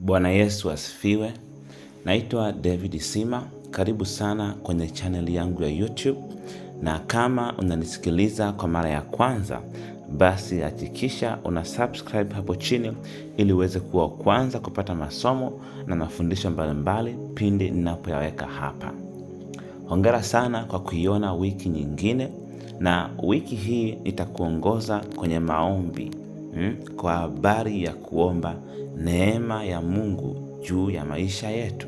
Bwana Yesu asifiwe. Naitwa David Sima, karibu sana kwenye chaneli yangu ya YouTube, na kama unanisikiliza kwa mara ya kwanza, basi hakikisha una subscribe hapo chini ili uweze kuwa kwanza kupata masomo na mafundisho mbalimbali pindi ninapoyaweka hapa. Hongera sana kwa kuiona wiki nyingine, na wiki hii nitakuongoza kwenye maombi hmm, kwa habari ya kuomba neema ya Mungu juu ya maisha yetu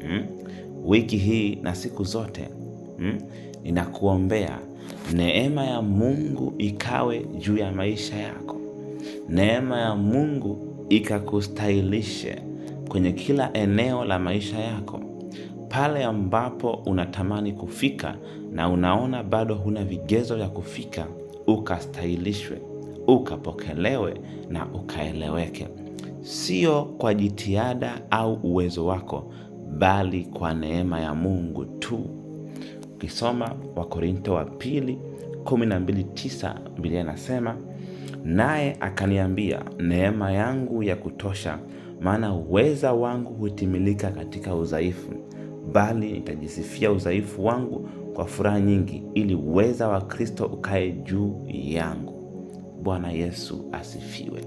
hmm? Wiki hii na siku zote hmm? Ninakuombea neema ya Mungu ikawe juu ya maisha yako, neema ya Mungu ikakustahilishe kwenye kila eneo la maisha yako, pale ambapo unatamani kufika na unaona bado huna vigezo vya kufika, ukastahilishwe, ukapokelewe na ukaeleweke sio kwa jitihada au uwezo wako, bali kwa neema ya Mungu tu. Ukisoma Wakorinto wa pili 12:9 Biblia inasema, naye akaniambia, neema yangu ya kutosha, maana uweza wangu hutimilika katika udhaifu, bali nitajisifia udhaifu wangu kwa furaha nyingi, ili uweza wa Kristo ukae juu yangu. Bwana Yesu asifiwe.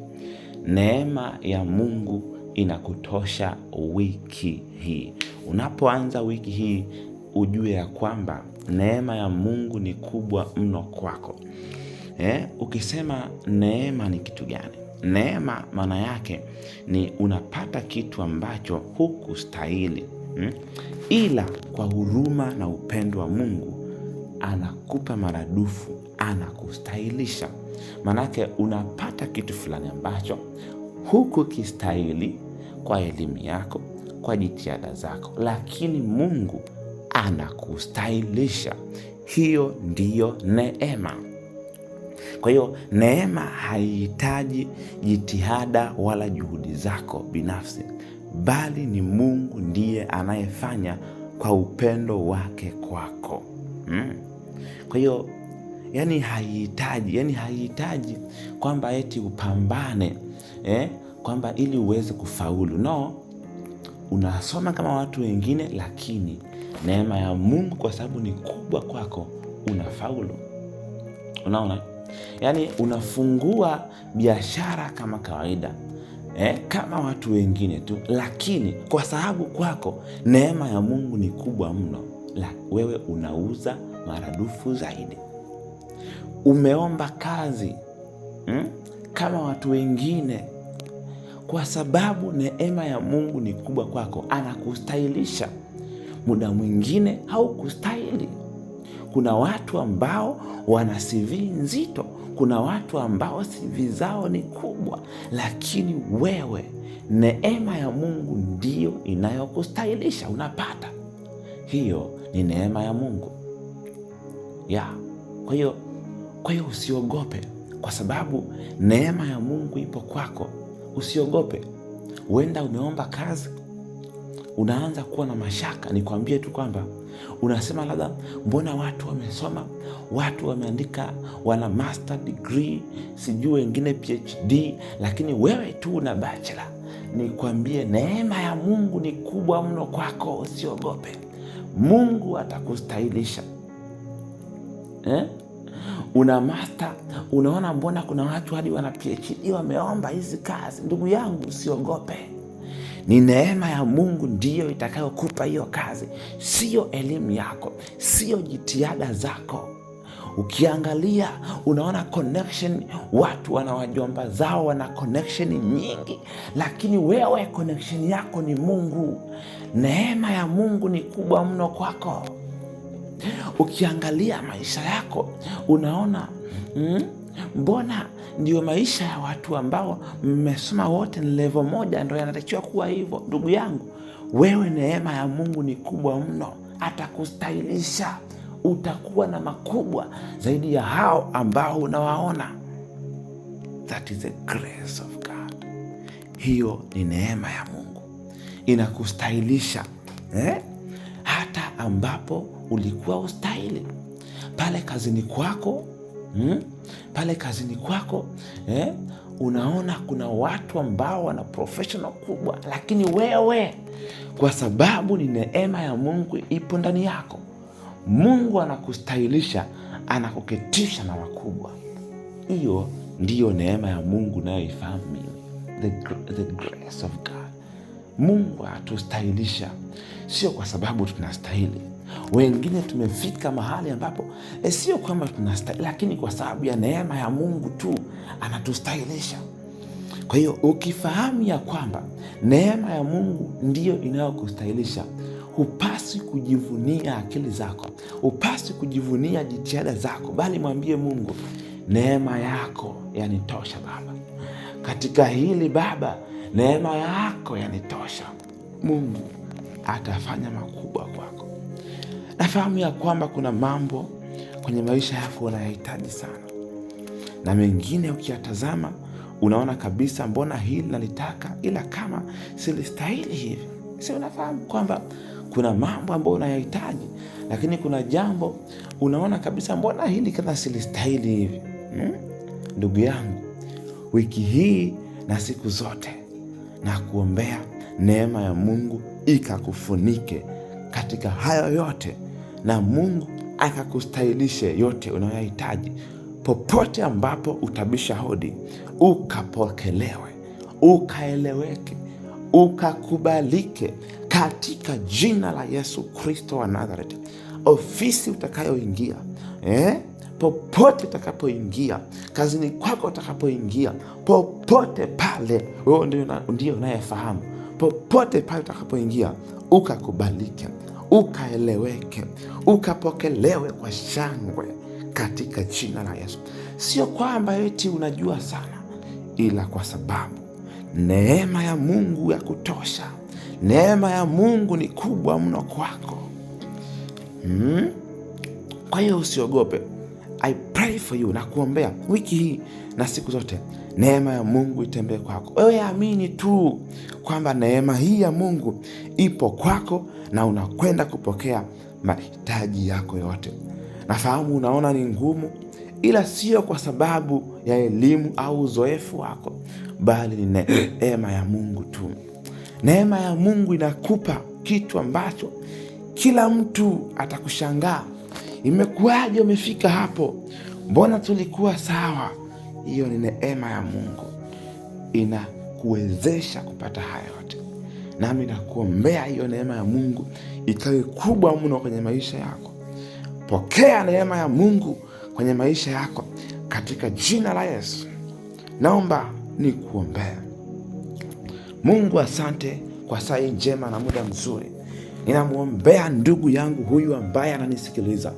Neema ya Mungu inakutosha wiki hii. Unapoanza wiki hii, ujue ya kwamba neema ya Mungu ni kubwa mno kwako. Eh, ukisema neema ni kitu gani? Neema maana yake ni unapata kitu ambacho hukustahili hmm? Ila kwa huruma na upendo wa Mungu anakupa maradufu anakustahilisha. Maanake unapata kitu fulani ambacho hukukistahili kwa elimu yako, kwa jitihada zako, lakini Mungu anakustahilisha. Hiyo ndiyo neema. Kwa hiyo neema haihitaji jitihada wala juhudi zako binafsi, bali ni Mungu ndiye anayefanya kwa upendo wake kwako, hmm. Kwa hiyo yani haihitaji yani haihitaji kwamba eti upambane eh, kwamba ili uweze kufaulu no, unasoma kama watu wengine, lakini neema ya Mungu kwa sababu ni kubwa kwako, unafaulu. Unaona, yaani unafungua biashara kama kawaida eh, kama watu wengine tu, lakini kwa sababu kwako neema ya Mungu ni kubwa mno, la wewe unauza maradufu zaidi umeomba kazi hmm, kama watu wengine, kwa sababu neema ya Mungu ni kubwa kwako, anakustahilisha. Muda mwingine haukustahili. Kuna watu ambao wana CV nzito, kuna watu ambao CV zao ni kubwa, lakini wewe neema ya Mungu ndiyo inayokustahilisha unapata. Hiyo ni neema ya Mungu ya yeah. Kwa hiyo kwa hiyo usiogope, kwa sababu neema ya Mungu ipo kwako. Usiogope. Huenda umeomba kazi, unaanza kuwa na mashaka. Nikwambie tu kwamba unasema labda, mbona watu wamesoma, watu wameandika, wana master degree, sijui wengine PhD, lakini wewe tu una bachelor. Nikwambie, neema ya Mungu ni kubwa mno kwako. Usiogope, Mungu atakustahilisha eh? una master, unaona mbona kuna watu hadi wana PhD wameomba hizi kazi. Ndugu yangu, usiogope, ni neema ya Mungu ndiyo itakayokupa hiyo kazi, siyo elimu yako, siyo jitihada zako. Ukiangalia unaona connection, watu wana wajomba zao wana connection nyingi, lakini wewe connection yako ni Mungu. Neema ya Mungu ni kubwa mno kwako. Ukiangalia maisha yako unaona mm, mbona ndio maisha ya watu ambao mmesoma wote ni levo moja, ndo yanatakiwa kuwa hivyo? Ndugu yangu wewe, neema ya Mungu ni kubwa mno, atakustahilisha utakuwa na makubwa zaidi ya hao ambao unawaona. That is the grace of God. Hiyo ni neema ya Mungu inakustahilisha eh? hata ambapo ulikuwa ustahili pale kazini kwako hmm? pale kazini kwako eh? Unaona kuna watu ambao wana professional kubwa, lakini wewe kwa sababu ni neema ya Mungu ipo ndani yako, Mungu anakustahilisha, anakuketisha na wakubwa. Hiyo ndiyo neema ya Mungu nayoifahamu mimi, the, the grace of God. Mungu atustahilisha sio kwa sababu tunastahili wengine tumefika mahali ambapo e, sio kwamba tunastahili, lakini kwa sababu ya neema ya Mungu tu anatustahilisha. Kwa hiyo ukifahamu ya kwamba neema ya Mungu ndiyo inayokustahilisha, hupasi kujivunia akili zako, hupasi kujivunia jitihada zako, bali mwambie Mungu, neema yako yanitosha Baba, katika hili Baba, neema yako yanitosha. Mungu atafanya makubwa kwa Nafahamu ya kwamba kuna mambo kwenye maisha yako unayahitaji sana, na mengine ukiyatazama unaona kabisa, mbona hili nalitaka, ila kama silistahili hivi. Si unafahamu kwamba kuna mambo ambayo unayahitaji, lakini kuna jambo unaona kabisa, mbona hili kama silistahili hivi. Hmm? Ndugu hmm? yangu, wiki hii na siku zote na kuombea neema ya Mungu ikakufunike katika hayo yote na Mungu akakustahilishe yote unayohitaji popote ambapo utabisha hodi, ukapokelewe, ukaeleweke, ukakubalike katika jina la Yesu Kristo wa Nazareti. Ofisi utakayoingia eh? Popote utakapoingia, kazini kwako utakapoingia, popote pale, wewe ndio unayefahamu. Popote pale utakapoingia, ukakubalike ukaeleweke, ukapokelewe kwa shangwe katika jina la Yesu. Sio kwamba eti unajua sana, ila kwa sababu neema ya Mungu ya kutosha, neema ya Mungu ni kubwa mno kwako hmm? Kwa hiyo usiogope. I pray for you na kuombea wiki hii na siku zote neema ya Mungu itembee kwako. Wewe amini tu kwamba neema hii ya Mungu ipo kwako na unakwenda kupokea mahitaji yako yote. Nafahamu unaona ni ngumu, ila sio kwa sababu ya elimu au uzoefu wako, bali ni neema ya Mungu tu. Neema ya Mungu inakupa kitu ambacho kila mtu atakushangaa, imekuwaje umefika hapo? Mbona tulikuwa sawa? hiyo ni neema ya Mungu inakuwezesha kupata haya yote, nami nakuombea hiyo neema ya Mungu ikawe kubwa mno kwenye maisha yako. Pokea neema ya Mungu kwenye maisha yako katika jina la Yesu. Naomba nikuombea. Mungu, asante kwa saa hii njema na muda mzuri. Ninamwombea ndugu yangu huyu ambaye ananisikiliza.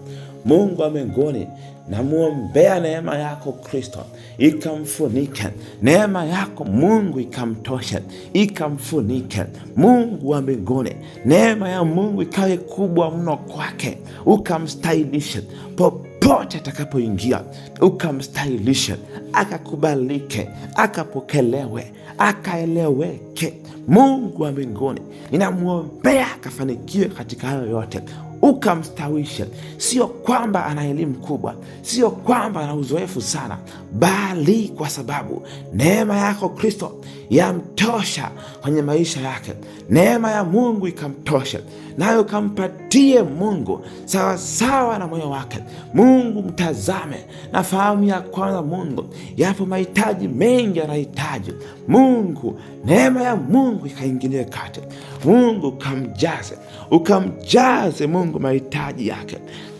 Mungu wa mbinguni, namwombea neema yako Kristo ikamfunike, neema yako Mungu ikamtoshe, ikamfunike. Mungu wa mbinguni, neema ya Mungu ikawe kubwa mno kwake, ukamstahilishe popote atakapoingia ukamstahilishe, akakubalike, akapokelewe, akaeleweke. Mungu wa mbinguni, ninamwombea akafanikiwe katika hayo yote ukamstawishe. Sio kwamba ana elimu kubwa, sio kwamba ana uzoefu sana, bali kwa sababu neema yako Kristo yamtosha kwenye maisha yake. Neema ya Mungu ikamtosha, nayo kampatie Mungu sawasawa na moyo wake. Mungu mtazame na fahamu ya kwanza Mungu, yapo mahitaji mengi yanahitaji Mungu. Neema ya Mungu ikaingilie kati, Mungu ukamjaze, ukamjaze Mungu mahitaji yake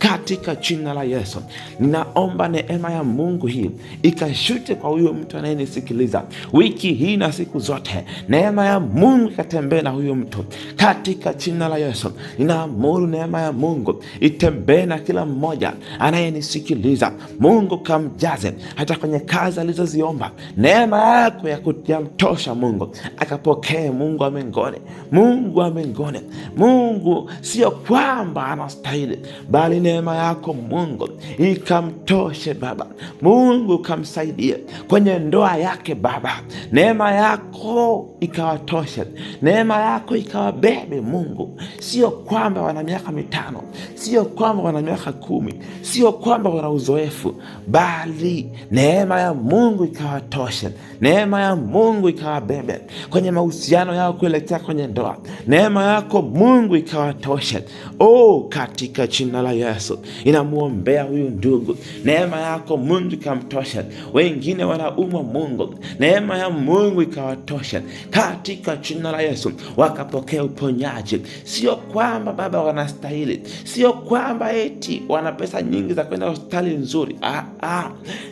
katika jina la Yesu. Ninaomba neema ya Mungu hii ikashute kwa huyo mtu anayenisikiliza wiki hii na siku zote, neema ya Mungu ikatembee na huyo mtu katika jina la Yesu. Ninaamuru neema ya Mungu itembee na kila mmoja anayenisikiliza. Mungu kamjaze hata kwenye kazi alizoziomba, neema yako ya kuyamtosha Mungu akapokee, Mungu wa Mungu wa Mungu sio kwamba anastahili bali neema yako Mungu ikamtoshe Baba Mungu, kamsaidie kwenye ndoa yake Baba, neema yako ikawatoshe, neema yako ikawabebe Mungu. Sio kwamba wana miaka mitano, sio kwamba wana miaka kumi, sio kwamba wana uzoefu, bali neema ya Mungu ikawatoshe, neema ya Mungu ikawabebe kwenye mahusiano yao kuelekea kwenye ndoa, neema yako Mungu ikawatoshe. Oh, katika jina la Yesu. Yesu, inamwombea huyu ndugu. Neema yako Mungu ikamtosha. Wengine wanaumwa, Mungu neema ya Mungu ikawatosha katika jina la Yesu, wakapokea uponyaji. Sio kwamba Baba wanastahili, sio kwamba eti wana pesa nyingi za kwenda hospitali nzuri, ah, ah.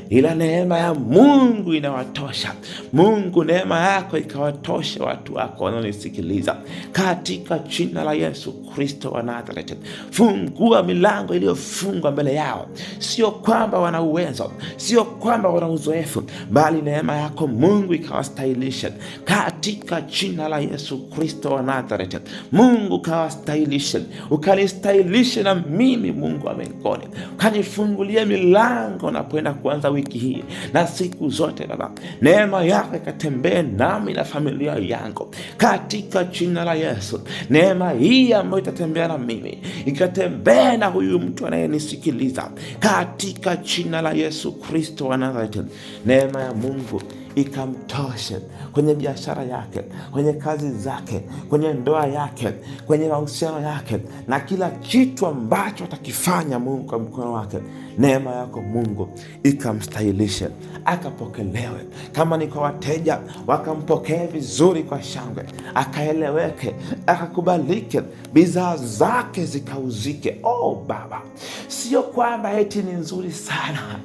Ila neema ya Mungu inawatosha. Mungu, neema yako ikawatosha watu wako wanaonisikiliza katika jina la Yesu Kristo wa Nazareti, fungua milango milango iliyofungwa mbele yao. Sio kwamba wana uwezo, sio kwamba wana uzoefu, bali neema yako Mungu ikawastahilisha katika jina la Yesu Kristo wa Nazareti. Mungu kawastahilisha, ukanistahilisha na mimi, Mungu wa mbinguni, ukanifungulie milango napoenda kuanza wiki hii na siku zote. Baba, neema yako ikatembee nami na familia yangu katika jina la Yesu. Neema hii ambayo itatembea na mimi ikatembee na huyu mtu anayenisikiliza katika jina la Yesu Kristo wa Nazareti. Neema ya Mungu ikamtoshe kwenye biashara yake, kwenye kazi zake, kwenye ndoa yake, kwenye mahusiano yake, na kila kitu ambacho atakifanya Mungu kwa mkono wake neema yako Mungu ikamstahilishe akapokelewe. Kama ni kwa wateja, wakampokee vizuri kwa shangwe, akaeleweke, akakubalike, bidhaa zake zikauzike. Oh Baba, sio kwamba eti ni nzuri sana,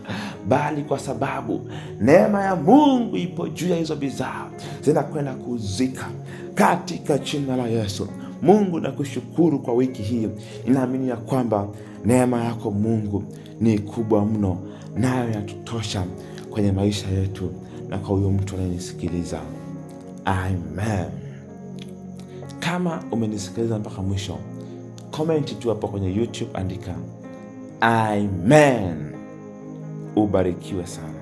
bali kwa sababu neema ya Mungu ipo juu ya hizo bidhaa, zinakwenda kuuzika katika jina la Yesu. Mungu nakushukuru kwa wiki hii, ninaamini ya kwamba neema yako Mungu ni kubwa mno, nayo yatutosha kwenye maisha yetu na kwa huyo mtu anayenisikiliza. Amen. Kama umenisikiliza mpaka mwisho, komenti tu hapo kwenye YouTube, andika amen. Ubarikiwe sana.